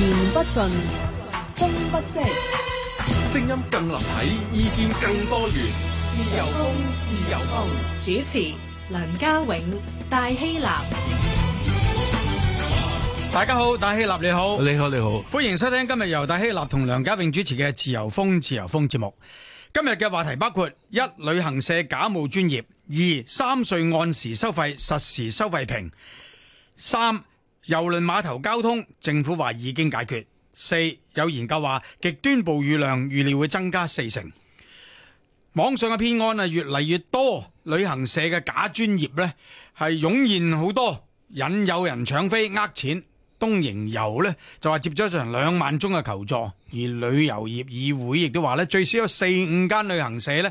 言不盡，風不息，聲音更立體，意見更多元。自由風，自由風。主持：梁家永、戴希立。大家好，戴希立你好，你好，你好，歡迎收聽今日由戴希立同梁家永主持嘅《自由風自由風》節目。今日嘅話題包括：一、旅行社假冒專頁；二、三歲按時收費，實時收費平；三。郵輪碼頭交通，政府話已經解決。四有研究話極端暴雨量預料會增加四成。網上嘅騙案啊越嚟越多，旅行社嘅假專頁呢係湧現好多，引誘人搶飛、呃錢。東瀛遊呢就話接咗成兩萬宗嘅求助，而旅遊業議會亦都話呢最少有四五間旅行社呢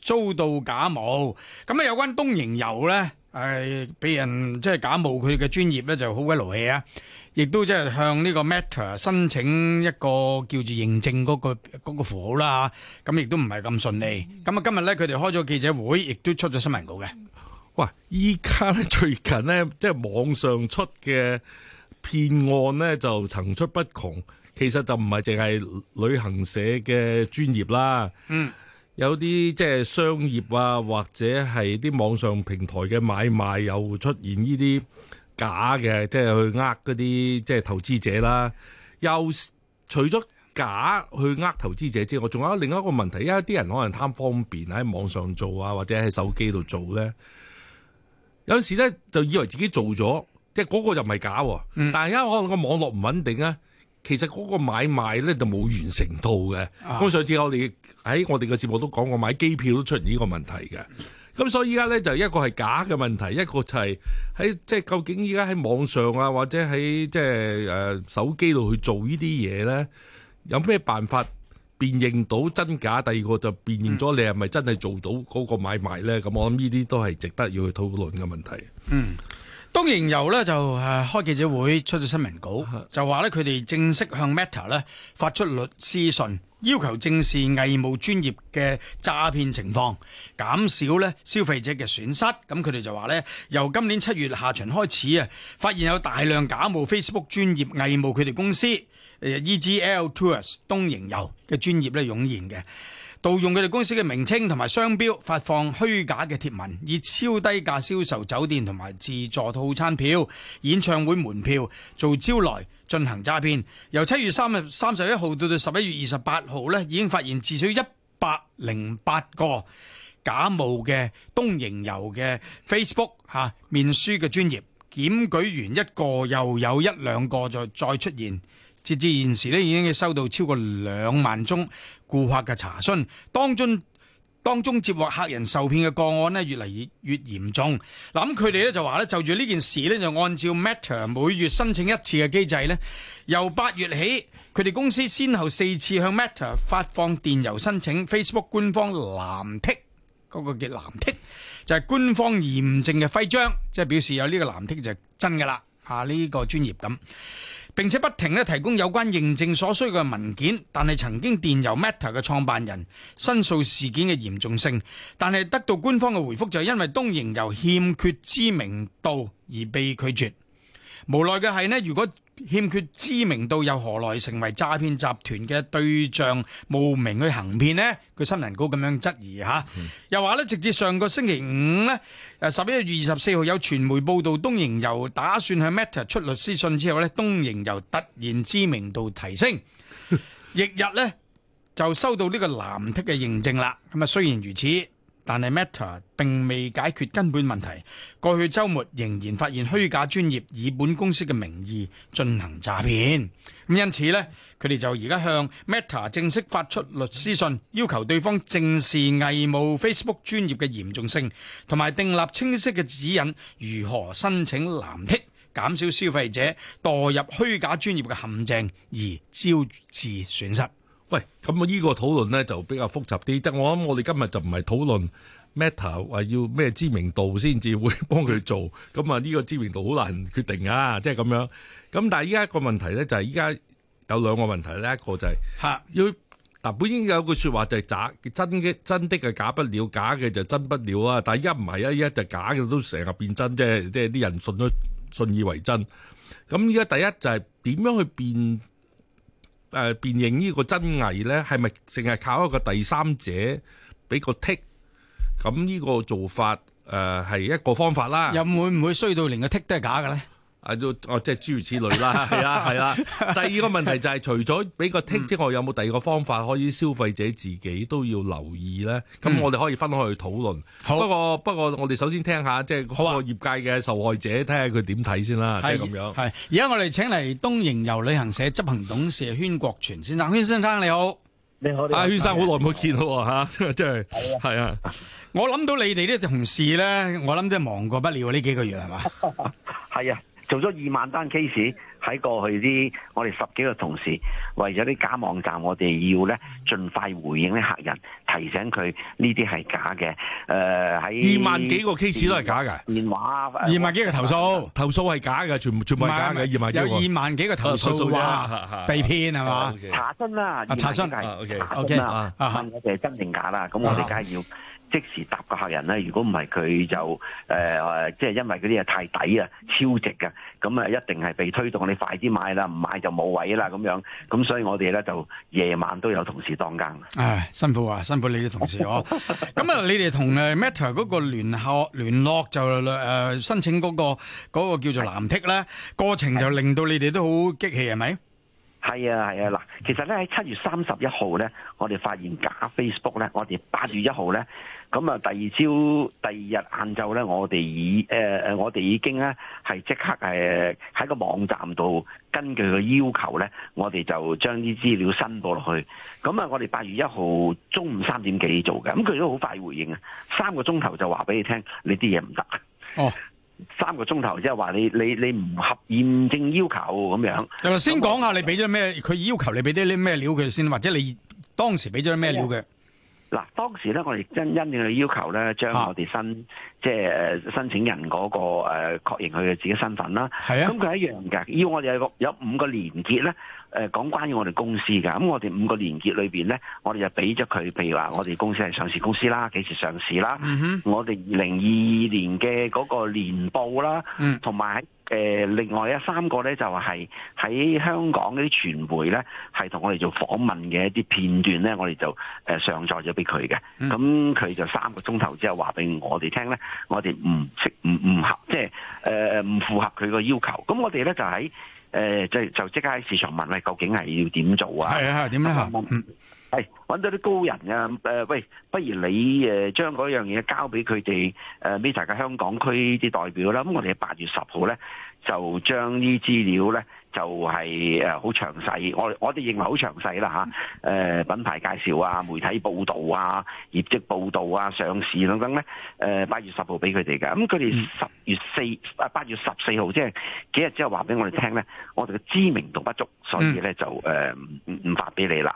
遭到假冒。咁有關東瀛遊呢？誒俾、哎、人即係假冒佢嘅專業咧，就好鬼勞氣啊！亦都即係向呢個 Meta 申請一個叫做認證嗰、嗰個嗰、嗰個符號啦，咁亦都唔係咁順利。咁啊，今日咧佢哋開咗記者會，亦都出咗新聞稿嘅。喂，依家咧最近呢，即係網上出嘅騙案呢，就層出不窮。其實就唔係淨係旅行社嘅專業啦。嗯。有啲即係商業啊，或者係啲網上平台嘅買賣，又出現呢啲假嘅，即係去呃嗰啲即係投資者啦。又除咗假去呃投資者之外，仲有另一個問題，因為啲人可能貪方便喺網上做啊，或者喺手機度做呢。有時呢，就以為自己做咗，即係嗰個又唔係假，但係而家可能個網絡唔穩定啊。其實嗰個買賣咧就冇完成到嘅。咁上次我哋喺我哋嘅節目都講過，買機票都出現呢個問題嘅。咁所以依家咧就一個係假嘅問題，一個就係喺即係究竟依家喺網上啊，或者喺即係誒手機度去做這些呢啲嘢咧，有咩辦法辨認到真假？第二個就辨認咗你係咪真係做到嗰個買賣咧？咁我諗呢啲都係值得要去討論嘅問題。嗯。東瀛遊咧就誒開記者會出咗新聞稿，就話咧佢哋正式向 Meta 咧發出律師信，要求正視偽冒專頁嘅詐騙情況，減少咧消費者嘅損失。咁佢哋就話咧由今年七月下旬開始啊，發現有大量假冒 Facebook 專頁偽冒佢哋公司 EGL Tours 東瀛遊嘅專頁咧湧現嘅。盜用佢哋公司嘅名稱同埋商標，發放虛假嘅貼文，以超低價銷售酒店同埋自助套餐票、演唱會門票做招來進行詐騙。由七月三日三十一號到到十一月二十八號已經發現至少一百零八個假冒嘅東瀛遊嘅 Facebook 面書嘅專頁，檢舉完一個，又有一兩個再再出現。截至現時咧，已經收到超過兩萬宗顧客嘅查詢，當中當中接獲客人受騙嘅個案越嚟越越嚴重。咁佢哋咧就話咧，就住呢件事咧，就按照 Meta 每月申請一次嘅機制咧，由八月起，佢哋公司先後四次向 Meta 發放電郵申請 Facebook 官方藍剔嗰個叫藍剔，就係官方驗證嘅徽章，即係表示有呢個藍剔就係真噶啦，啊呢個專業咁。並且不停咧提供有關認證所需嘅文件，但係曾經電郵 Meta 嘅創辦人申訴事件嘅嚴重性，但係得到官方嘅回覆就係因為東瀛遊欠缺知名度而被拒絕。無奈嘅係呢如果欠缺知名度又何來成為詐騙集團嘅對象，慕名去行騙咧？佢新聞稿咁樣質疑吓，嗯、又話咧直至上個星期五咧，十一月二十四號有傳媒報道東瀛遊打算向 Meta 出律師信之後咧，東瀛遊突然知名度提升，翌 日咧就收到呢個藍剔嘅認證啦。咁啊雖然如此，但係 Meta 並未解決根本問題，過去週末仍然發現虛假專頁以本公司嘅名義進行詐騙，咁因此呢，佢哋就而家向 Meta 正式發出律師信，要求對方正視偽冒 Facebook 專頁嘅嚴重性，同埋訂立清晰嘅指引，如何申請藍剔，減少消費者墮入虛假專頁嘅陷阱而招致損失。喂，咁我呢個討論咧就比較複雜啲，但我諗我哋今日就唔係討論 Meta，話要咩知名度先至會幫佢做，咁啊呢個知名度好難決定啊，即係咁樣。咁但係依家個問題咧就係依家有兩個問題咧，一個就係吓要嗱，本應該有句說話就係假真嘅真的係假不了，假嘅就真不了啊。但係而家唔係而家就假嘅都成日變真啫，即係啲人信咗信以為真。咁而家第一就係點樣去變？誒、呃、辨認呢個真偽咧，係咪淨係靠一個第三者俾個 tick？咁呢個做法誒係、呃、一個方法啦。又會唔會衰到連個 tick 都係假嘅咧？啊都哦，即係諸如此類啦，係啦係啦。第二個問題就係，除咗俾個剔之外，有冇第二個方法可以消費者自己都要留意咧？咁我哋可以分開去討論。好，不過不過，我哋首先聽下即係個業界嘅受害者，睇下佢點睇先啦，係咁樣。係而家我哋請嚟東瀛遊旅行社執行董事禤國全先生，禤先生你好，你好。阿禤生好耐冇見到喎，真係啊！我諗到你哋啲同事咧，我諗都忙過不了呢幾個月係嘛？係啊。做咗二萬單 case 喺過去啲，我哋十幾個同事為咗啲假網站，我哋要咧盡快回應啲客人，提醒佢呢啲係假嘅。誒、呃、喺二萬幾個 case 都係假嘅，電話二萬幾個投訴，啊、投訴係假嘅，全部全部係假嘅，假二萬有二萬幾個投訴話、啊、被騙係嘛？查身啦，查詢啦，問我哋係真定假啦，咁、uh huh. 我哋梗係要。即時答個客人咧，如果唔係佢就誒、呃，即係因為嗰啲嘢太抵啊，超值嘅，咁啊一定係被推動，你快啲買啦，唔買就冇位啦咁樣。咁所以我哋咧就夜晚都有同事當更。唉，辛苦啊，辛苦你啲同事哦。咁啊，你哋同誒 Meta 嗰個聯合聯絡就誒、呃、申請嗰、嗰個嗰個叫做藍剔咧，的過程就令到你哋都好激氣係咪？係啊係啊嗱，其實咧喺七月三十一號咧，我哋發現假 Facebook 咧，我哋八月一號咧。咁啊，第二朝、第二日晏晝咧，我哋已誒誒、呃，我哋已經咧係即刻誒喺個網站度，根據個要求咧，我哋就將啲資料申報落去。咁啊，我哋八月一號中午三點幾做嘅，咁佢都好快回應啊，三個鐘頭就話俾你聽，你啲嘢唔得。哦，三個鐘頭即係話你你你唔合驗證要求咁樣。又先講下你俾咗咩？佢要求你俾啲咩料佢先，或者你當時俾咗咩料嘅？嗱，當時咧，我哋因應佢要求咧，將我哋申即係申請人嗰個誒確認佢嘅自己身份啦。係啊，咁佢係一樣嘅，要我哋有個有五個連結咧。誒講關於我哋公司㗎，咁我哋五個連結裏面咧，我哋就俾咗佢，譬如話我哋公司係上市公司啦，幾時上市啦，嗯、哼我哋二零二二年嘅嗰個年報啦，同埋誒另外一三個咧就係、是，喺香港嗰啲傳媒咧，係同我哋做訪問嘅一啲片段咧，我哋就誒、呃、上載咗俾佢嘅。咁佢、嗯、就三個鐘頭之後話俾我哋聽咧，我哋唔適唔唔合，即係誒唔符合佢個要求。咁我哋咧就喺。誒、呃、就就即刻喺市場問咧，究竟係要點做啊？係啊係，點樣啊？係搵麼 到啲高人啊！誒、呃、喂，不如你誒、呃、將嗰樣嘢交俾佢哋 Meta 嘅香港區啲代表啦。咁、嗯、我哋係八月十號咧。就將呢資料咧，就係誒好詳細，我我哋認為好詳細啦嚇，誒品牌介紹啊、媒體報導啊、業績報導啊、上市等等咧，誒八月十號俾佢哋嘅，咁佢哋十月四啊八月十四號即係幾日之後話俾我哋聽咧，我哋嘅知名度不足，所以咧就誒唔唔發俾你啦。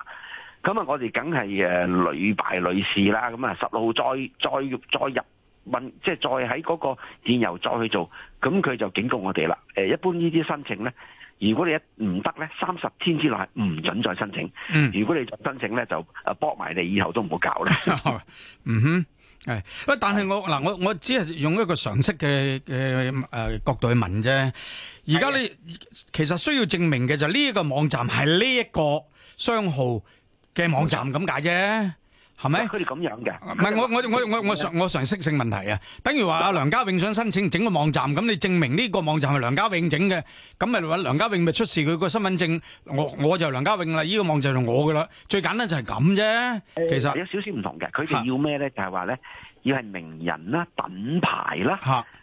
咁啊，我哋梗係誒屢敗屢試啦，咁啊十六號再再再入。問即係再喺嗰個電郵再去做，咁佢就警告我哋啦。誒，一般呢啲申請咧，如果你一唔得咧，三十天之內唔准再申請。嗯，如果你申請咧，就博埋你，以後都唔好搞啦。 嗯哼，係但係我嗱，我我只係用一個常識嘅嘅、呃、角度去問啫。而家你的其實需要證明嘅就呢一個網站係呢一個商號嘅網站咁解啫。係咪佢哋咁樣嘅？唔係我我我我我常我常識性問題啊！等於話阿梁家永想申請整個網站，咁你證明呢個網站係梁家永整嘅，咁咪梁家永咪出示佢個身份證，我我就梁家永啦，呢個網站就係我噶啦。最簡單就係咁啫。其實有少少唔同嘅，佢哋要咩咧？就係話咧，要係名人啦、品牌啦，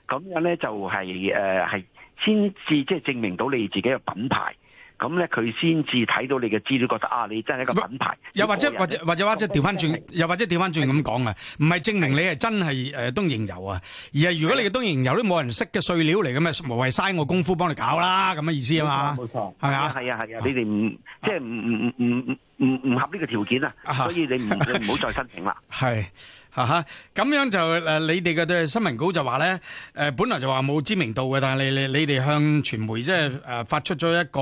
咁樣咧就係誒，係先至即係證明到你自己嘅品牌。咁咧，佢先至睇到你嘅資料，覺得啊，你真係一個品牌。又或者，或者，或者，或者話即調調翻轉，的又或者調翻轉咁講啊，唔係的證明你係真係誒、呃、東營油啊，而係如果你嘅東瀛遊都冇人識嘅碎料嚟咁咩，無謂嘥我功夫幫你搞啦，咁嘅的意思啊嘛。冇錯，係咪的的啊？係啊係啊，你哋唔即係唔唔唔唔唔唔合呢個條件啊，所以你唔、啊、你唔好再申請啦。係。 吓吓，咁、啊、樣就、呃、你哋嘅新聞稿就話咧、呃，本來就話冇知名度嘅，但係你你你哋向傳媒即係誒發出咗一個、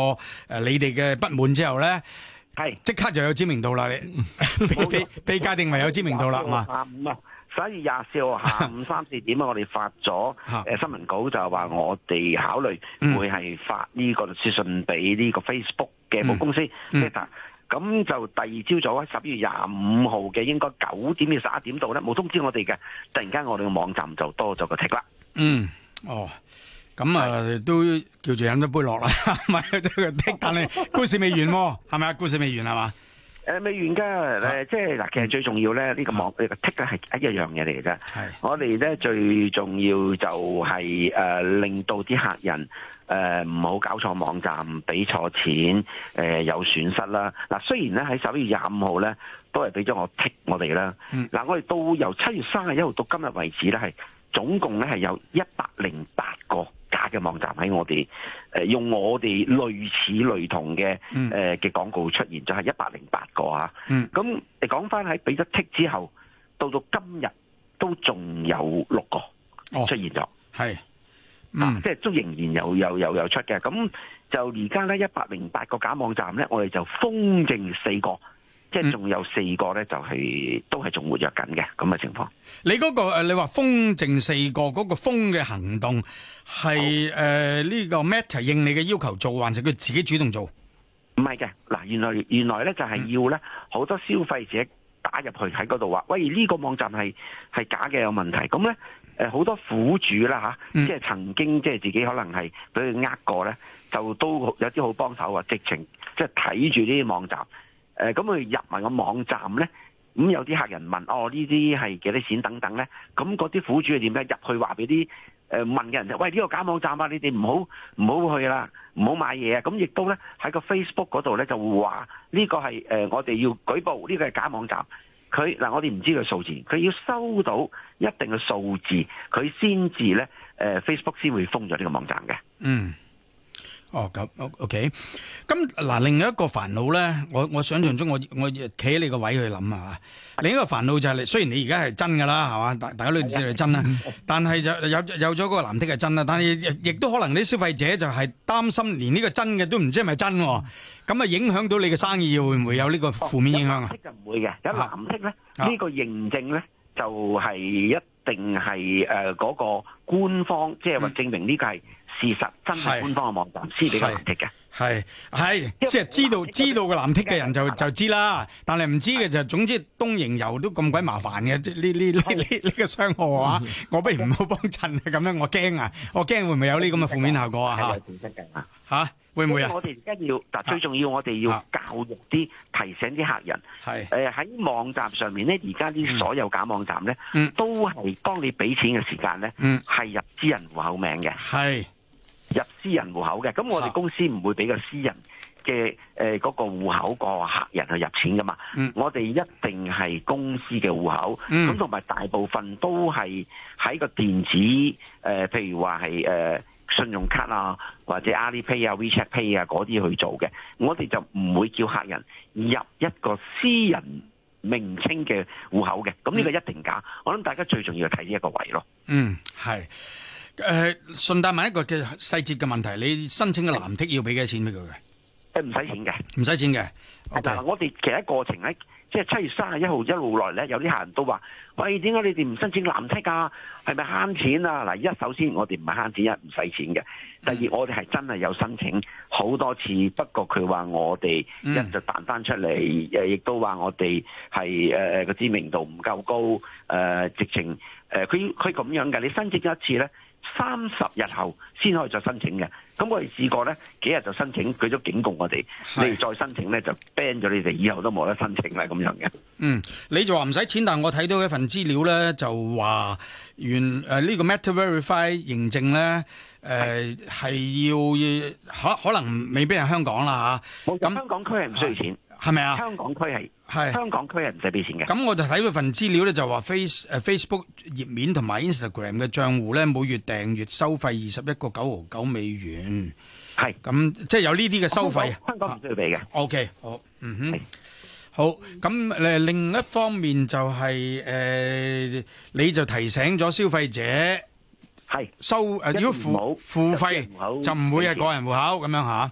呃、你哋嘅不滿之後咧，即是刻就有知名度啦，你、嗯、被被界定為有知名度啦嘛，十一月所以廿四號下午三四點啊，我哋發咗新聞稿就話我哋考慮會係發呢個律師信俾呢個 Facebook 嘅母公司，嗯咁就第二朝早喺十一月廿五號嘅，應該九點至十一點到咧，冇通知我哋嘅，突然間我哋嘅網站就多咗個剔啦。嗯，哦，咁啊是、呃、都叫做飲咗杯落啦，咪剔但你，故事未完喎，係咪啊？故事未完係嘛？誒未完㗎，誒即係嗱，其實最重要咧，呢、這個網呢、這個剔啊係一樣嘢嚟㗎。是我哋咧最重要就係、是、誒、呃、令到啲客人誒唔好搞錯網站，唔俾錯錢，誒、呃、有損失啦。嗱，雖然咧喺十一月廿五號咧都係俾咗我剔我哋、嗯、啦。嗱，我哋到由七月三十一號到今日為止咧，係總共咧係有一百零八個假嘅網站喺我哋。誒，用我哋類似類同嘅，誒嘅、嗯呃、廣告出現咗，係一百零八個啊，嗯，咁誒講翻喺俾咗剔之後，到到今日都仲有六個出現咗，係、哦嗯啊，即係都仍然有有有有，有出嘅。咁就而家咧一百零八個假網站咧，我哋就封淨四個。即係仲有四個咧，就係都係仲活躍緊嘅咁嘅情況。你嗰，那個你話封剩四個嗰，那個封嘅行動係誒呢個 Meta 應你嘅要求做，還是佢自己主動做？唔係嘅，嗱原來原來咧就係要咧好多消費者打入去喺嗰度話，喂呢，這個網站係係假嘅有問題。咁咧誒好多苦主啦吓，啊嗯，即係曾經即係自己可能係俾佢呃過咧，就都有啲好幫手啊，直情即係睇住呢啲網站。誒咁佢入埋個網站咧，咁有啲客人問哦呢啲係幾多錢等等咧，咁嗰啲苦主係點咧？入去話俾啲誒問嘅人就，喂呢個假網站啊，你哋唔好唔好去啦，唔好買嘢啊！咁亦都咧喺個 Facebook 嗰度咧就話呢個係誒我哋要舉報呢個係假網站。佢嗱我哋唔知佢數字，佢要收到一定嘅數字，佢先至咧 Facebook 先會封咗呢個網站嘅。嗯。哦，咁 OK。咁嗱，另一個煩惱咧，我我想象中，我我企喺你個位去諗啊吓。另一個煩惱就係，你雖然你而家係真噶啦，係嘛，大大家都知道係真啦，但係就有有咗嗰個藍色係真啦，但係亦都可能啲消費者就係擔心，連呢個真嘅都唔知係咪真，咁啊影響到你嘅生意會唔會有呢個負面影響啊？色就唔會嘅，有藍色咧，呢個認證咧就係一定係誒嗰個官方，即係話證明呢個係。事實真係官方嘅網站先是比較藍剔嘅，係係即係知道知道嘅藍剔嘅人就就知啦。但係唔知嘅就係、總之東瀛遊都咁鬼麻煩嘅，呢呢呢呢呢個傷害啊！我不如唔好幫襯啊！咁、嗯、樣我驚啊！我驚會唔會有呢咁嘅負面效果啊？嚇、嗯啊、會唔會啊？我哋而家要嗱，最重要我哋要教育啲提醒啲客人係誒喺網站上面咧，而家啲所有假網站咧，都係當你俾錢嘅時間咧，係入私人戶口名嘅。係。入私人戶口嘅，咁我哋公司唔會俾個私人嘅，誒、呃、嗰、那個戶口個客人去入錢噶嘛。嗯、我哋一定係公司嘅戶口，咁同埋大部分都係喺個電子，誒、呃、譬如話係誒信用卡啊，或者 Alipay 啊、WeChat Pay 啊嗰啲去做嘅。我哋就唔會叫客人入一個私人名稱嘅戶口嘅。咁呢個一定假。嗯、我諗大家最重要係睇呢一個位咯。嗯，係。誒、呃，順帶問一個嘅細節嘅問題，你申請嘅藍剔要俾幾多錢俾佢嘅？唔使錢嘅，唔使錢嘅。嗱，我哋其實過程喺即係七月三十一號一路來呢，咧，有啲客人都話：喂，點解你哋唔申請藍剔啊？係咪慳錢啊？嗱，一首先我哋唔係慳錢，一唔使錢嘅。第二我哋係真係有申請好多次，不過佢話我哋一、嗯、就彈翻出嚟，亦都話我哋係誒個知名度唔夠高。誒、呃、直情佢佢咁樣㗎，你申請一次咧。三十日後先可以再申請嘅，咁我哋試過咧幾日就申請，舉咗警告我哋，是你再申請咧就 ban 咗你哋，以後都冇得申請啦咁樣嘅。嗯，你就話唔使錢，但我睇到一份資料咧，就話原誒呢個 Meta Verify 認證咧，誒、呃、係是要可可能未必係香港啦嚇。咁但 那香港區係唔需要錢。係咪啊？香港區係，係香港區係唔使俾錢嘅。咁我就睇佢份資料咧，就話 face，誒，Facebook 頁面同埋 Instagram 嘅賬戶咧，每月訂閱收費二十一個九毫九美元。係，咁即係有呢啲嘅收費。香港唔需要俾嘅。OK，好，嗯哼，好。咁誒，另一方面就係誒，你就提醒咗消費者係收誒，如果付付費就唔會係個人戶口咁樣吓。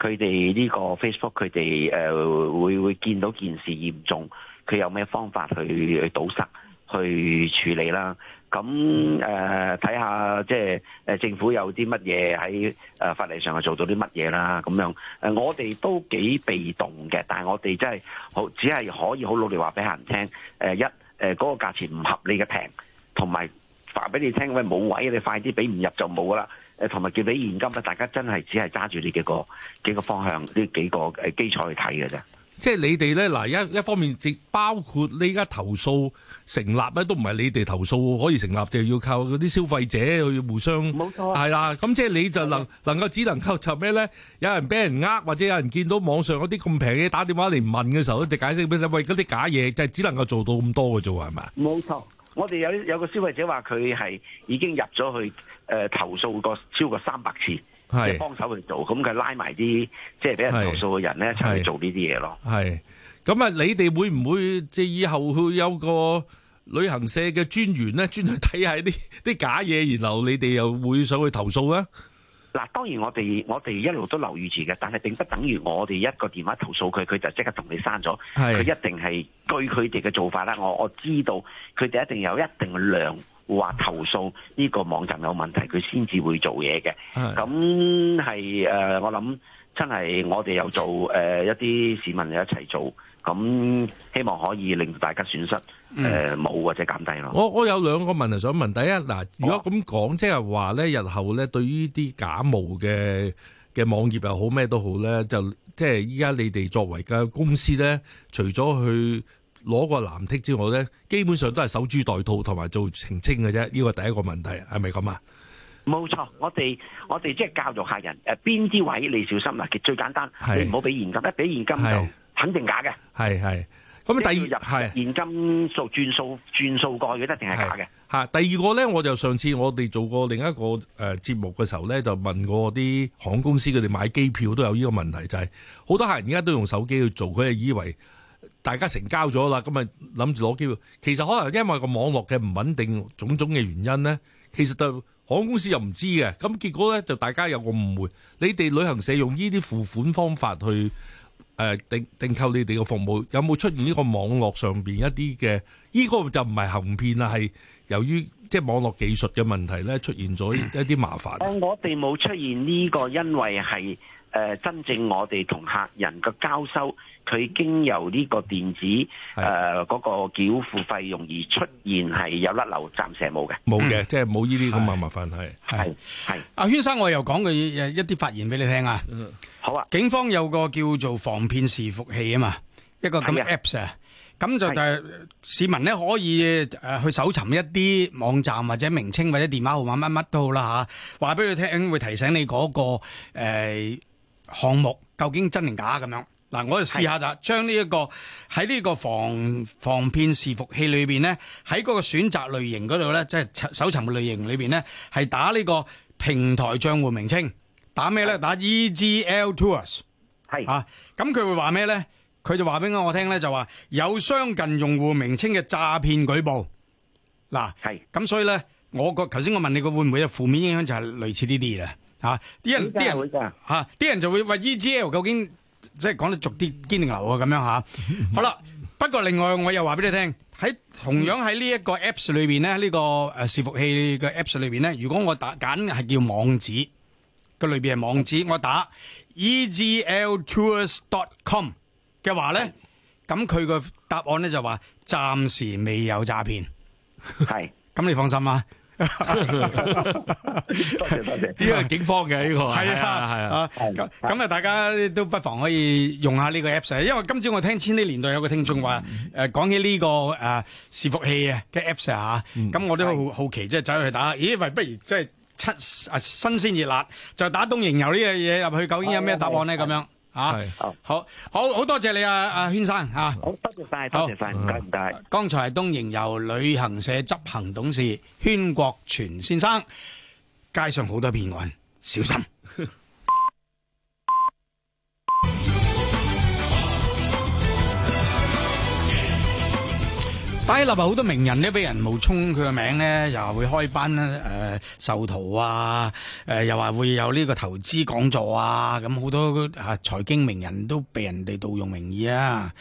佢哋呢個 Facebook，佢哋誒會會見到件事嚴重，佢有咩方法去去堵塞、去處理啦？咁誒睇下，即係、呃、政府有啲乜嘢喺法例上係做到啲乜嘢啦？咁樣、呃、我哋都幾被動嘅，但我哋真係好，只係可以好努力話俾客人聽：呃、一、呃、嗰個價錢唔合理嘅平，同埋話俾你聽，喂冇位你快啲俾唔入就冇啦。誒同埋叫俾現金啊，大家真係只係揸住呢幾個幾個方向，呢幾個誒基礎去睇嘅啫。即係你哋咧嗱，一一方面，包括你而家投訴成立咧，都唔係你哋投訴可以成立嘅，就要靠嗰啲消費者去互相。冇錯。係啦，咁即係你就能能夠只能夠就咩咧？有人俾人呃，或者有人見到網上嗰啲咁平嘅，打電話嚟問嘅時候，就解釋俾你，喂嗰啲假嘢，就係只能夠做到咁多嘅啫喎，係咪？冇錯，我哋有有個消費者話佢係已經入咗去。誒、呃、投訴過超過三百次，即係是幫手去做，咁佢拉埋啲即係俾人投訴嘅人咧，一齊是去做呢啲嘢咯。係，咁啊，你哋會唔會即係以後會有個旅行社嘅專員咧，專去睇下啲啲假嘢，然後你哋又會上去投訴咧？嗱，當然我哋我哋一路都留意住嘅，但係並不等於我哋一個電話投訴佢，佢就即刻同你刪咗。佢是一定係據佢哋嘅做法啦。我我知道佢哋一定有一定量，話投訴呢個網站有問題，佢先至會做嘢嘅。咁係誒，我諗真係我哋又做誒一啲市民又一齊做，咁希望可以令到大家損失誒冇或者減低咯。我我有兩個問題想問，第一嗱，如果咁講，即係話咧，日後咧對於啲假冒嘅嘅網頁又好咩都好咧，就即係依家你哋作為嘅公司咧，除咗去。攞個藍剔之後咧，基本上都係守株待兔同埋做澄清嘅啫。呢個第一個問題係咪咁啊？冇錯，我哋我哋即係教育客人誒邊啲位你小心啦。最簡單，是你唔好俾現金，一俾是現金就肯定假嘅。係係。咁第二日現金數是轉數轉數過去一定係假嘅。第二個咧，我就上次我哋做過另一個誒、呃、節目嘅時候咧，就問過啲航空公司佢哋買機票都有呢個問題，就係、是、好多客人而家都用手機去做，佢係以為。大家成交咗啦，咁咪諗住攞機會。其實可能因為個網絡嘅唔穩定，種種嘅原因咧，其實就航空公司又唔知嘅。咁結果咧就大家有個誤會。你哋旅行社用呢啲付款方法去誒訂訂購你哋嘅服務，有冇出現呢個網絡上邊一啲嘅？呢個就唔係行騙啊，係由於即係網絡技術嘅問題咧，出現咗一啲麻煩。我哋冇出現呢個，因為係。誒，真正我哋同客人嘅交收，佢經由呢個電子誒嗰個繳付費用而出現係有甩漏，暫時係冇嘅。冇嘅，即係冇呢啲咁嘅麻煩係。係係，阿禤生我又講嘅一啲發言俾你聽啊。嗯，好啊。警方有個叫做防騙伺服器啊嘛，一個咁嘅 apps 啊，咁就但係市民咧可以誒去搜尋一啲網站或者名稱或者電話號碼乜乜都好啦吓，話俾佢聽會提醒你嗰個誒。項目究竟真定假咁樣？嗱，我就試下就將呢一個喺呢個防防騙伺服器裏邊咧，喺嗰個選擇類型嗰度咧，即係搜尋類型裏邊咧，係打呢個平台賬戶名稱，打咩咧？是打 EGL Tours 係是啊，咁佢會話咩咧？佢就話俾我聽咧，就話有相近用戶名稱嘅詐騙舉報。嗱、啊，係咁是所以咧，我個頭先我問你個會唔會有負面影響就係類似呢啲啦。吓，啲、啊、人啲行人會吓，啲人就會話 EGL 究竟即係講得俗啲堅定流啊咁樣吓。好啦， 不過另外我又話俾你聽，喺同樣喺呢一個 apps 裏邊咧，呢、這個誒、呃、伺服器嘅 apps 裏邊咧，如果我打揀係叫網址個裏邊係網址，是我打 EGL Tours dot com 嘅話咧，咁佢個答案咧就話暫時未有詐騙，係咁是 你放心啊。多謝多謝，呢個 警方嘅呢、這個係啊係啊，咁咁啊大家都不妨可以用下呢個 apps，因為今朝我聽千禧年代有個聽眾話，誒講、嗯、起呢、這個誒伺、呃、服器嘅 apps 吓、啊，咁、嗯、我都好、啊、好奇，即係走去打，咦喂，不如即係、就是、七啊新鮮熱辣，就打東瀛遊呢樣嘢入去，究竟有咩答案咧咁、啊、樣？啊是好，好，好好好多謝你啊，阿、啊、禤生啊，好多謝晒，多謝晒，唔該唔該。剛才係東瀛遊旅行社執行董事禤國全先生。街上好多騙案，小心。戴希立啊，好多名人咧俾人冒充佢個名咧、呃呃，又話會開班咧，誒授徒啊，誒又話會有呢個投資講座啊，咁好多吓財經名人都俾人哋盜用名義啊，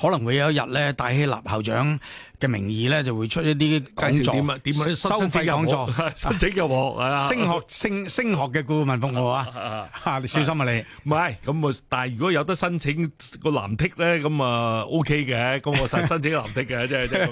可能會有一日咧戴希立校長嘅名義咧就會出一啲講座，點收費講座申有學、申請又冇，啊，升學升升學嘅顧問服務啊，啊，啊？你小心啊是你！唔係咁啊，但係如果有得申請，那個藍剔咧，咁啊 O K 嘅，咁、那、我、實、申請藍剔嘅，真係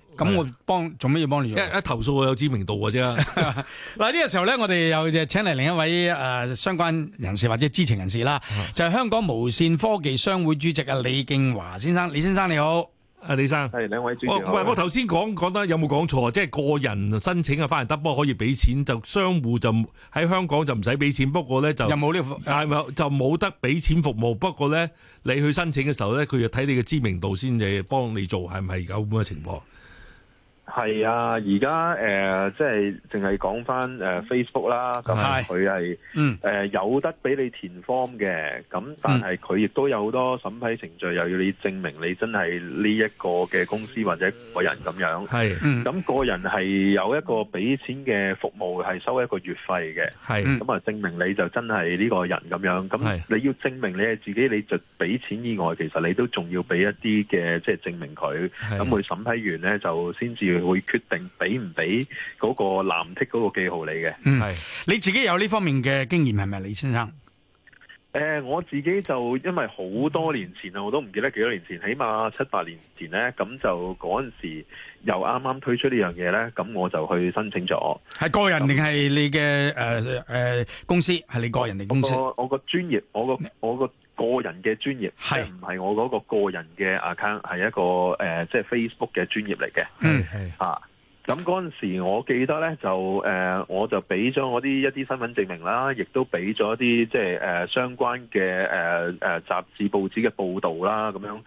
咁我幫做咩要幫你做？一,一投訴我有知名度嘅啫。嗱呢個時候咧，我哋又就請嚟另一位誒、呃、相關人士或者知情人士啦， 就係香港無線科技商會主席阿李敬華先生。李先生你好，阿李生。係兩位主席。唔係我頭先講講得有冇講錯？即係個人申請啊，反而得，不過可以俾錢。就商戶就喺香港就唔使俾錢，不過咧就冇呢、這個、就冇得俾錢服務。不過咧，你去申請嘅時候咧，佢要睇你嘅知名度先至幫你做，係咪有咁嘅情況？係啊，而家誒即係淨係講返誒 Facebook 啦，咁佢係嗯誒有得俾你填 form 嘅，咁但係佢亦都有好多審批程序，又要你證明你真係呢一個嘅公司或者個人咁樣。係，咁個人係有一個俾錢嘅服務，係收一個月費嘅。係，咁啊證明你就真係呢個人咁樣。咁你要證明你係自己，你就俾錢以外，其實你都仲要俾一啲嘅即係證明佢。咁佢審批完咧就先至。會決定俾唔俾嗰個藍剔嗰個記號你嘅。嗯，係你自己有呢方面嘅經驗係咪，李先生？誒、呃，我自己就因為好多年前啊，我都唔記得幾多年前，起碼七八年前咧，咁就嗰陣時候又啱啱推出呢樣嘢咧，咁我就去申請咗。係個人定係你嘅誒誒公司？係你個人定公司？我個專業，我個我個。個人嘅專業，係唔係我嗰個個人嘅 account 係一個誒，即、呃、係、就是、Facebook 嘅專業嚟嘅。嗯，係啊。咁嗰陣時，我記得咧，就誒、呃，我就俾咗我啲一啲身份證明啦，亦都俾咗一啲即係誒、呃、相關嘅誒誒雜誌報紙嘅報導啦，咁樣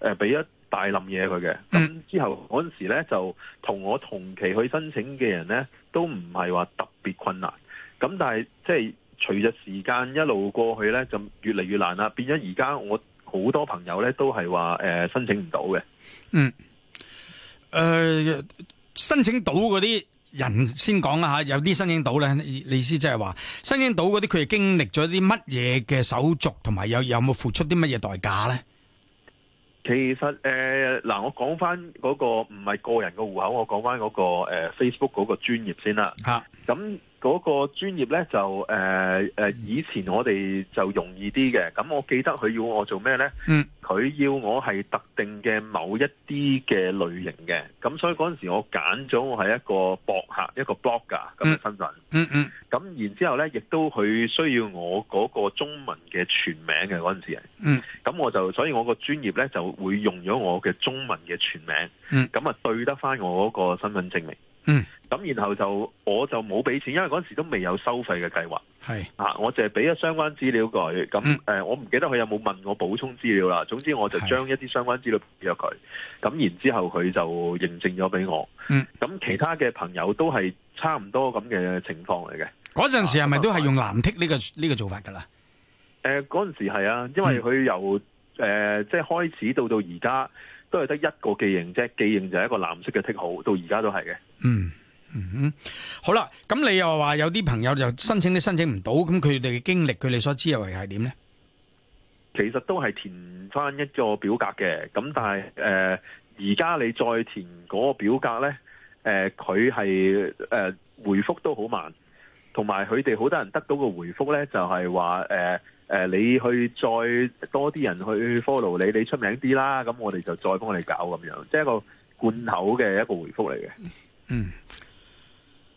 誒俾、呃、一大冧嘢佢嘅。咁是之後嗰陣時咧，就同我同期去申請嘅人咧，都唔係話特別困難。咁但係即係。隨着時間一路過去咧，就越嚟越難啦。變咗而家，我好多朋友咧都係話誒，申請唔到嘅。嗯，誒、呃，申請到嗰啲人先講下，有啲申請到咧，你意思即係話申請到嗰啲，佢係經歷咗啲乜嘢嘅手續，同埋有有冇付出啲乜嘢代價咧？其實誒、嗱、呃，我講翻嗰個唔係個人個戶口，我講翻嗰個誒、呃、Facebook 嗰個專頁先啦。吓、啊，咁。嗰個專業咧就誒、呃呃、以前我哋就容易啲嘅。咁我記得佢要我做咩咧？嗯，佢要我係特定嘅某一啲嘅類型嘅。咁所以嗰陣時我揀咗我係一個博客，一個 blogger 咁嘅身份。嗯嗯。咁、嗯嗯、然之後咧，亦都佢需要我嗰個中文嘅全名嘅嗰陣時。嗯。咁我就所以我個專業咧就會用咗我嘅中文嘅全名。嗯。咁啊對得翻我嗰個身份證明。嗯，咁然後就我就冇俾錢，因為嗰時都未有收費嘅計劃。係是啊，我淨係俾咗相關資料佢。咁誒、嗯呃，我唔記得佢有冇問我補充資料啦。總之我就將一啲相關資料俾咗佢。咁是然之後佢就認證咗俾我。咁、嗯、其他嘅朋友都係差唔多咁嘅情況嚟嘅。嗰陣時係咪都係用藍剔呢、這個呢、這個做法噶啦？誒、啊，嗰陣時係啊，因為佢由誒、嗯呃、即係開始到到而家。都係得一個記認啫，記認就係一個藍色嘅剔號，到而家都係嘅。嗯嗯，好啦，咁你又話有啲朋友就申請都申請唔到，咁佢哋嘅經歷，佢哋所知又係點呢？其實都係填翻一個表格嘅，咁但係誒，而家你再填嗰個表格呢，誒佢係誒回覆都好慢，同埋佢哋好多人得到個回覆呢，就係話誒。呃誒，你去再多啲人去 follow 你，你出名啲啦。咁我哋就再幫你搞咁樣，即係一個罐頭嘅一個回覆嚟嘅。嗯，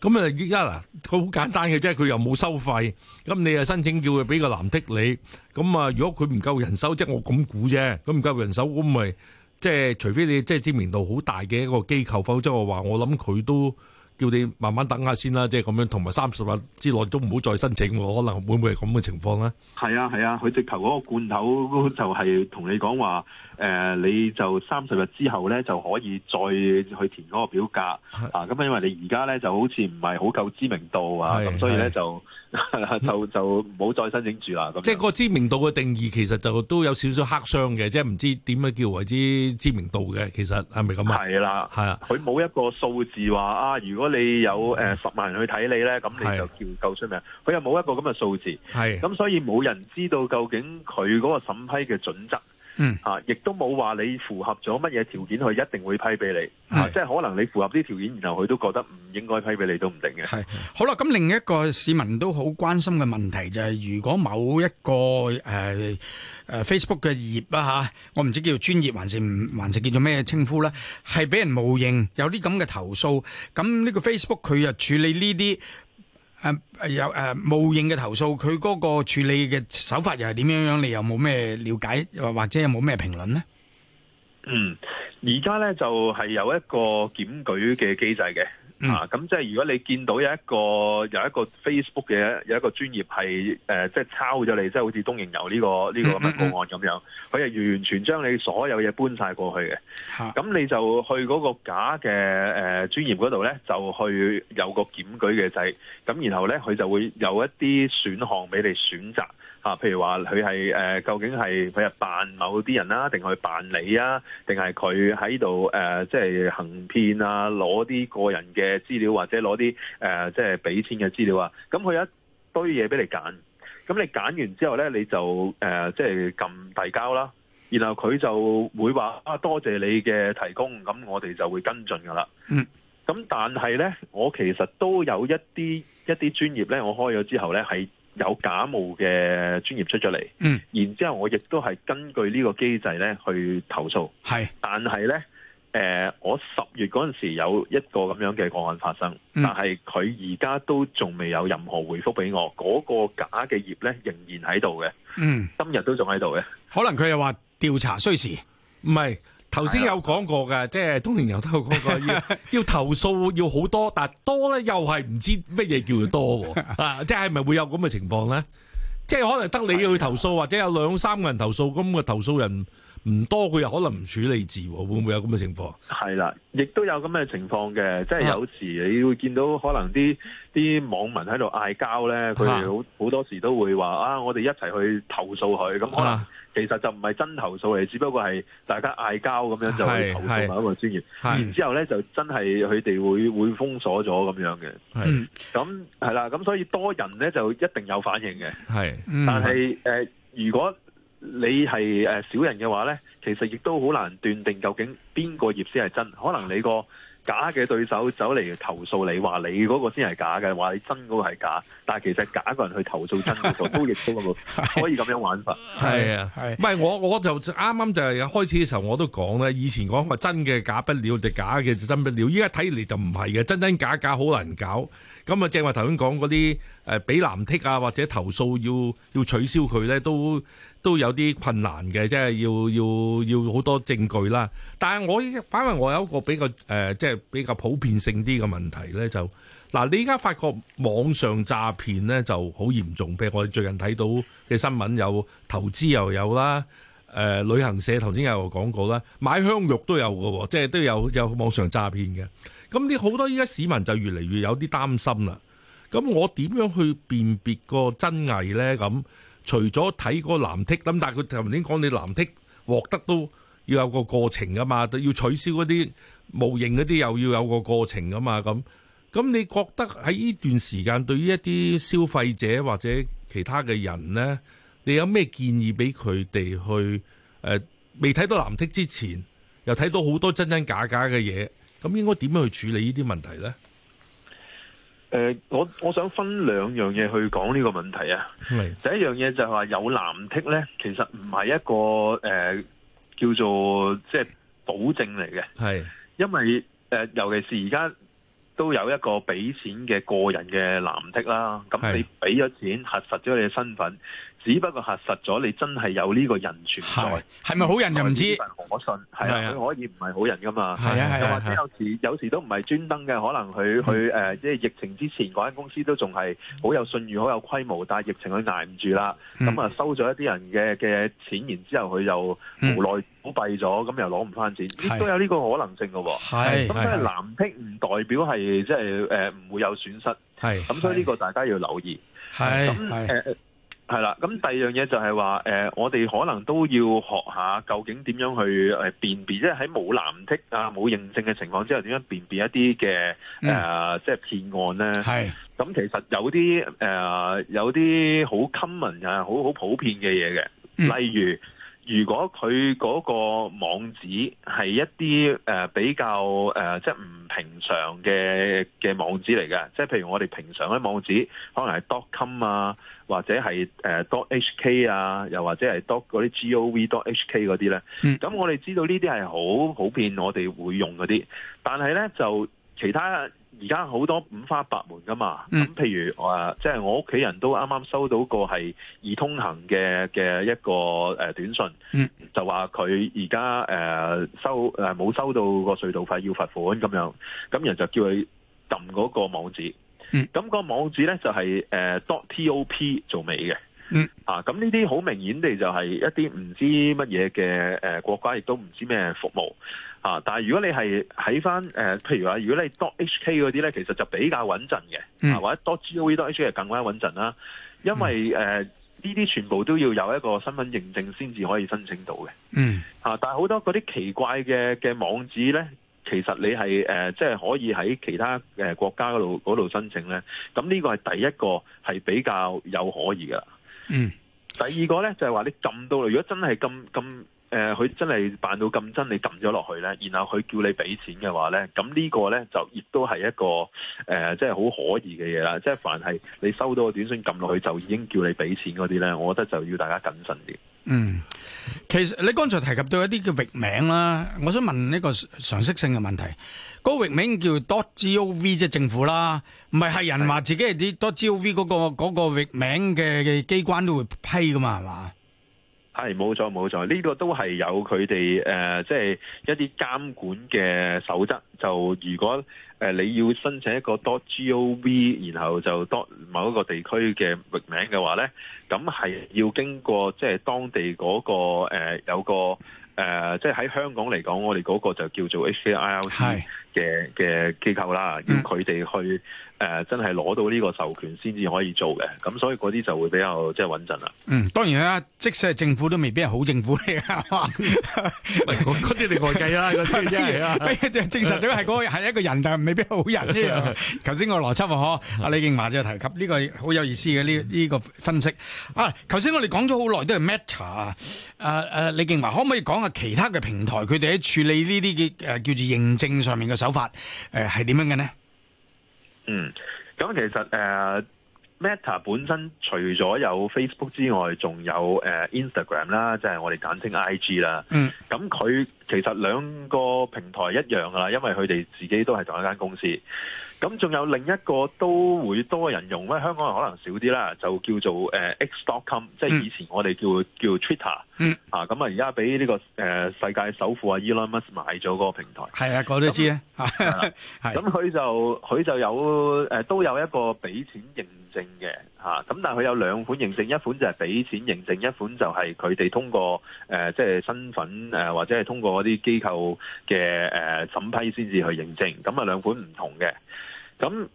咁啊，而家嗱，佢好簡單嘅啫，佢又冇收費。咁你啊申請叫佢俾個藍的你。咁啊，如果佢唔夠人手，即係我咁估啫。咁唔夠人手，咁咪即係除非你即係知名度好大嘅一個機構，否則我話我諗佢都。叫你慢慢等下先啦，即係咁樣同埋三十日之內都唔好再申請，可能會唔會係咁嘅情況咧？係啊，係啊，佢直頭嗰個罐頭就係同你講話，誒、呃，你就三十日之後咧就可以再去填嗰個表格是啊。咁因為你而家咧就好似唔係好夠知名度啊，咁是所以咧是就、嗯、就就唔好再申請住啦。咁即係個知名度嘅定義其實就都有少少黑箱嘅，即係唔知點樣叫為之知名度嘅，其實係咪咁啊？係啦，係啊，佢冇一個數字話啊，如果你有誒呃十萬人去睇你咧，咁你就叫夠出名。佢又冇一個咁嘅數字，係咁是的 所以冇人知道究竟佢嗰個審批嘅準則。嗯，吓，亦都冇話你符合咗乜嘢條件，佢一定會批俾你，吓，即係可能你符合啲條件，然後佢都覺得唔應該批俾你都唔定嘅。係，好啦，咁另一個市民都好關心嘅問題就係，如果某一個誒誒 Facebook 嘅頁啊，吓，我唔知叫做專頁還是唔還是叫做咩稱呼啦，係俾人冒認，有啲咁嘅投訴，咁呢個 Facebook 佢又處理呢啲。誒，有誒、呃，冒認嘅投訴，佢嗰個處理嘅手法又係點樣樣？你有冇咩了解，或或者有冇咩評論呢？嗯，而家咧就係、是、有一個檢舉嘅機制嘅。嗯、啊，咁即係如果你見到有一個有一個 Facebook 嘅有一個專頁係誒，即係抄咗你，即係好似東瀛遊呢個呢、呢個乜個案咁樣，佢係完全將你所有嘢搬晒過去嘅。咁你就去嗰個假嘅誒、呃、專頁嗰度咧，就去有個檢舉嘅掣，咁然後咧佢就會有一啲選項俾你選擇。啊，譬如話佢係誒，究竟係佢係扮某啲人啦，定係辦理啊，定係佢喺度誒，即係行騙啊，攞啲個人嘅資料，或者攞啲誒，即係俾錢嘅資料啊。咁佢有一堆嘢俾你揀，咁你揀完之後咧，你就誒、呃，即係撳提交啦。然後佢就會話啊，多謝你嘅提供，咁我哋就會跟進噶啦。嗯，咁但係咧，我其實都有一啲一啲專頁咧，我開咗之後咧係，在有假冒嘅專頁出咗嚟，嗯，然之後我亦都係根據這個機制呢個機制咧去投訴，係是，但係咧，誒、呃，我十月嗰陣時有一個咁樣嘅個案發生，嗯、但係佢而家都仲未有任何回覆俾我，嗰、那個假嘅頁咧仍然喺度嘅，嗯，今日都仲喺度嘅，可能佢又話調查需時，唔係。頭先有講過噶，是的即係東瀛遊都有講過 要要投訴要好多，但多咧又係唔知乜嘢叫做多喎，啊，即係係咪會有咁嘅情況咧？即係可能得你去投訴，或者有兩三個人投訴，咁嘅投訴人唔多，佢又可能唔處理字，會唔會有咁嘅情況？係啦，亦都有咁嘅情況嘅，即係有時你會見到可能啲啲網民喺度嗌交，咧佢哋好好多時都會話啊，我哋一齊去投訴佢，咁可能。其實就唔係真投訴嚟，只不過係大家嗌交咁樣就投訴某一個專業。然之後呢就真係佢哋會會封鎖咗咁樣嘅。咁係啦，咁所以多人呢就一定有反應嘅。但係誒，如果你係誒少人嘅話呢，其實亦都好難斷定究竟邊個業先係真，可能你個。假嘅對手走嚟投訴你，話你嗰個先係假嘅，話你真嗰個係假，但係其實假個個人去投訴真嘅、嗰個都 亦都、嗰個 可以咁樣玩法係啊，係唔係？我我就啱啱就係、是、開始嘅時候我都講咧，以前講話真嘅假不了，定假嘅就真不了。依家睇嚟就唔係嘅，真真假假好難搞。咁啊，正話頭先講嗰啲誒俾藍剔啊，或者投訴要要取消佢咧都。都有啲困難嘅，即係要要要好多證據啦。但係我反為我有一個比較誒、呃，即係比較普遍性啲嘅問題呢，就嗱，你而家發覺網上詐騙呢就好嚴重，譬如我哋最近睇到嘅新聞有投資又有啦，誒、呃、旅行社頭先有講過啦，買香肉都有㗎喎，即係都有有網上詐騙嘅。咁啲好多依家市民就越嚟越有啲擔心啦。咁我點樣去辨別個真偽呢？咁？除咗睇嗰個藍剔咁，但係佢頭先講你藍剔獲得都要有個過程噶嘛，要取消嗰啲模型嗰啲又要有個過程噶嘛，咁咁你覺得喺呢段時間對於一啲消費者或者其他嘅人呢，你有咩建議俾佢哋去誒未睇到藍剔之前，又睇到好多真真假假嘅嘢，咁應該點樣去處理呢啲問題呢？誒、呃，我我想分兩樣嘢去講呢個問題啊。是第一樣嘢就係話有藍剔咧，其實唔係一個誒、呃、叫做即係、就是、保證嚟嘅，係是因為誒、呃，尤其是而家都有一個俾錢嘅個人嘅藍剔啦。咁你俾咗錢，是核實咗你嘅身份。只不過核實咗你真係有呢個人存在，係咪好人就唔知？可信係啊，佢可以唔係好人噶嘛？係啊，又或者有時有時都唔係專登嘅，可能佢佢誒即係疫情之前嗰間公司都仲係好有信譽、好有規模，但係疫情佢捱唔住啦，咁啊收咗一啲人嘅嘅錢，然之後佢又無奈倒閉咗，咁又攞唔翻錢，都有呢個可能性嘅。係咁，所以藍剔唔代表係即係誒唔會有損失。係咁，所以呢個大家要留意。咁誒係啦，咁第二樣嘢就係話，誒、呃，我哋可能都要學下究竟點樣去誒辨別，即係喺冇藍剔啊、冇認證嘅情況之下，點樣辨別一啲嘅誒，呃嗯、即係騙案咧？係的，咁其實有啲誒、呃，有啲好 common 啊，好好普遍嘅嘢嘅，例如，嗯如果佢嗰個網址係一啲誒、呃、比較誒、呃、即係唔平常嘅嘅網址嚟嘅，即係譬如我哋平常嘅網址，可能係 dotcom 啊，或者係 dot hk 啊，又或者係 dot 嗰啲 gov dot hk 嗰啲咧。咁、嗯、我哋知道呢啲係好普遍，我哋會用嗰啲，但係咧就其他。而家好多五花八門噶嘛，咁譬如誒，即係、嗯啊就是、我屋企人都啱啱收到個係易通行嘅嘅一個、呃、短信，嗯、就話佢而家誒收冇、呃、收到個隧道費要罰款咁樣，咁人就叫佢撳嗰個網址，咁、嗯、個網址咧就係、是、.top、呃、做尾嘅，嗯、啊咁呢啲好明顯地就係一啲唔知乜嘢嘅國家亦都唔知咩服務。啊！但係如果你係喺翻誒，譬如話，如果你 dot HK 嗰啲咧，其實就比較穩陣嘅、嗯啊，或者 dot GOV dot HK 更加穩陣啦。因為誒呢啲全部都要有一個身份認證先至可以申請到嘅。嗯。嚇、啊！但係好多嗰啲奇怪嘅嘅網址咧，其實你係誒即係可以喺其他誒國家嗰度度申請咧。咁呢個係第一個係比較有可疑嘅。嗯。第二個咧就係、是、話你撳到，如果真係咁咁。誒，佢、呃、真係扮到咁真，你撳咗落去咧，然後佢叫你俾錢嘅話咧，咁呢個咧就亦都係一個誒、呃，即係好可疑嘅嘢啦。即係凡係你收到個短信撳落去，就已經叫你俾錢嗰啲咧，我覺得就要大家謹慎啲。嗯，其實你剛才提及到一啲叫域名啦，我想問一個常識性嘅問題：，個、那個、域名叫 dot gov 即係政府啦，唔係係人話自己係啲 dot gov、那、嗰個、那個、域名嘅機關都會批噶嘛，係嘛？係冇錯冇錯，呢、這個都係有佢哋誒，即、呃、係、就是、一啲監管嘅守則。就如果誒、呃、你要申請一個 dot gov，然後就多某一個地區嘅域名嘅話咧，咁係要經過即係、就是、當地嗰、那個、呃、有個誒，即係喺香港嚟講，我哋嗰個就叫做 HKIOT 嘅嘅機構啦，要佢哋去誒、呃、真係攞到呢個授權先至可以做嘅，咁所以嗰啲就會比較即係穩陣啦。嗯，當然啦，即使係政府都未必係好政府嚟嘅，係嘛？ 啲另外計啦，嗰啲啲嘢啦。咩？證實咗係嗰係一個人就 未必係好人呢？頭先個邏輯 啊，阿李勁華就提及呢、呢個好有意思嘅呢呢個分析啊。頭先我哋講咗好耐都係 Meta 啊。誒誒，李勁華可唔可以講下其他嘅平台佢哋喺處理呢啲嘅誒叫做認證上面嘅手？手法是樣的呢，誒，係點樣嘅呢？嗯，咁其實誒。呃 Meta 本身除咗有 Facebook 之外，仲有、呃、Instagram 啦，即、就、係、是、我哋簡稱 IG 啦。咁佢、嗯、其實兩個平台一樣噶啦，因為佢哋自己都係同一間公司。咁仲有另一個都會多人用，咧，香港人可能少啲啦，就叫做誒、呃、X.com、嗯、即係以前我哋叫叫 Twitter、嗯。啊，咁啊、這個，而家俾呢個世界首富啊、e、Elon Musk 買咗嗰個平台。係啊，講都知啊。咁佢那 就佢就有、呃、都有一個俾錢認。正嘅嚇，咁但係佢有兩款認證，一款就係俾錢認證，一款就係佢哋通過誒即係身份誒或者係通過嗰啲機構嘅誒審批先至去認證，咁啊兩款唔同嘅。咁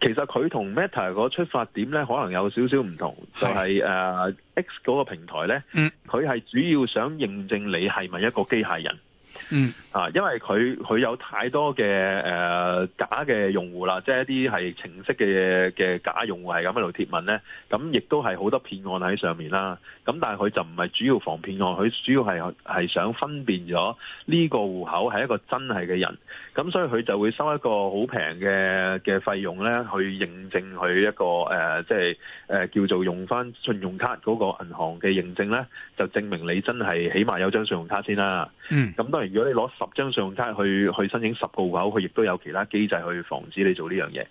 其實佢同 Meta 嗰個出發點咧，可能有少少唔同，就係誒 X 嗰個平台咧，佢係主要想認證你係咪一個機械人。嗯，啊，因為佢佢有太多嘅誒、呃、假嘅用戶啦，即係一啲係程式嘅嘅假用戶係咁喺度貼文咧，咁亦都係好多騙案喺上面啦。咁但係佢就唔係主要防騙案，佢主要係係想分辨咗呢個戶口係一個真係嘅人，咁所以佢就會收一個好平嘅嘅費用咧，去認證佢一個誒、呃、即係誒、呃、叫做用翻信用卡嗰個銀行嘅認證咧，就證明你真係起碼有張信用卡先啦。嗯，咁、啊、當然。如果你攞十張信用卡去去申請十個戶口，佢亦都有其他機制去防止你做呢樣嘢。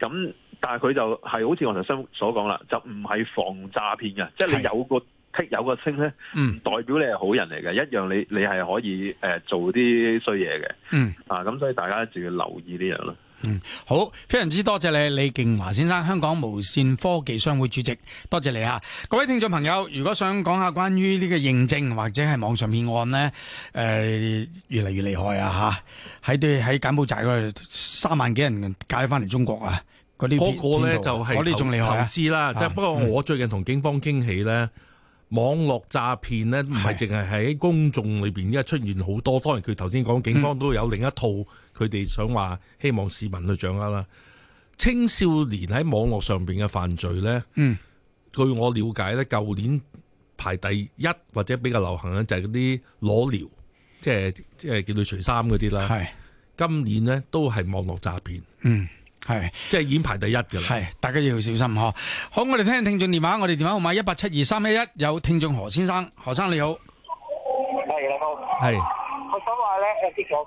咁但係佢就係、是、好似我頭先所講啦，就唔係防詐騙嘅，即係你有個剔是有個清咧，唔代表你係好人嚟嘅，一樣你你係可以誒、呃、做啲衰嘢嘅。嗯啊，咁所以大家一定要留意呢樣咯。嗯，好，非常之多謝你，李勁華先生，香港無線科技商會主席，多謝你啊！各位聽眾朋友，如果想講下關於呢個認證或者係網上騙案呢誒、呃，越嚟越厲害啊！吓，喺對喺柬埔寨嗰度三萬幾人解返嚟中國啊！嗰啲嗰個呢就係、是、投資啦，即係、啊啊、不過我最近同警方傾起呢、嗯、網絡詐騙呢唔係淨係喺公眾裏邊，而家出現好多，是當然佢頭先講警方都有另一套。佢哋想話希望市民去掌握啦。青少年喺網絡上邊嘅犯罪咧，嗯，據我了解咧，舊年排第一或者比較流行咧就係嗰啲裸聊，即係即係叫做除衫嗰啲啦。係今年咧都係網絡詐騙。嗯是，係即係已經排第一噶啦。係，大家要小心嗬！好，我哋聽，聽聽眾電話，我哋電話號碼一八七二三一一，11，有聽眾何先生，何生你好。係，你好。係。好是我想話咧咗。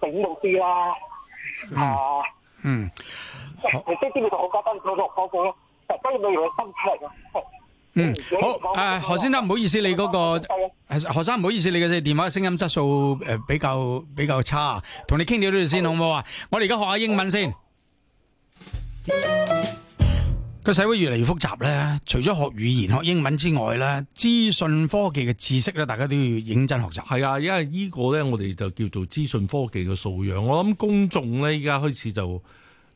整到啲啦，啊， 嗯，即係啲味道好個火候咯，就都要例如嗯，好，誒、啊，何先生唔好意思，你嗰、嗰個誒，何生唔好意思，你嘅電話聲音質素誒比較比較差，同你傾了呢度先，好唔好啊嗎？我哋而家學下英文先。個社會越嚟越複雜咧，除咗學語言、學英文之外咧，資訊科技嘅知識咧，大家都要認真學習。係啊，因為呢個咧，我哋就叫做資訊科技嘅素養。我諗公眾咧，依家開始就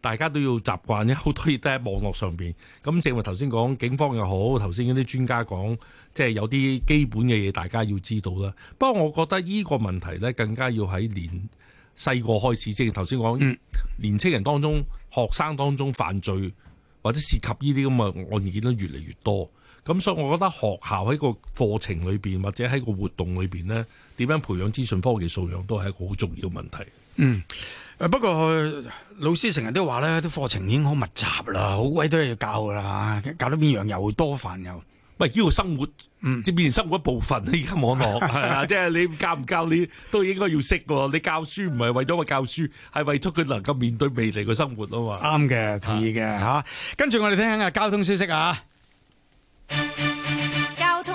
大家都要習慣咧，好多嘢都喺網絡上邊。咁正如頭先講，警方又好，頭先嗰啲專家講，即係有啲基本嘅嘢，大家要知道啦。不過我覺得呢個問題咧，更加要喺年細個開始。即係頭先講，年青人當中、嗯、學生當中犯罪。或者涉及呢啲咁嘅案件都越嚟越多，咁所以我覺得學校喺個課程裏邊或者喺個活動裏邊咧，點樣培養資訊科技素養都係一個好重要嘅問題。嗯，誒、呃、不過、呃、老師成日都話咧，啲課程已經好密集啦，好鬼多嘢要教噶啦，教到邊樣又會多煩又。喂，要、這個、生活即係變成生活一部分。你而家網絡係啊，即係你教唔教你都應該要識喎。你教書唔係為咗個教書，係為咗佢能夠面對未來嘅生活啊嘛。啱嘅，同意嘅嚇。跟住的我哋聽下交通消息啊。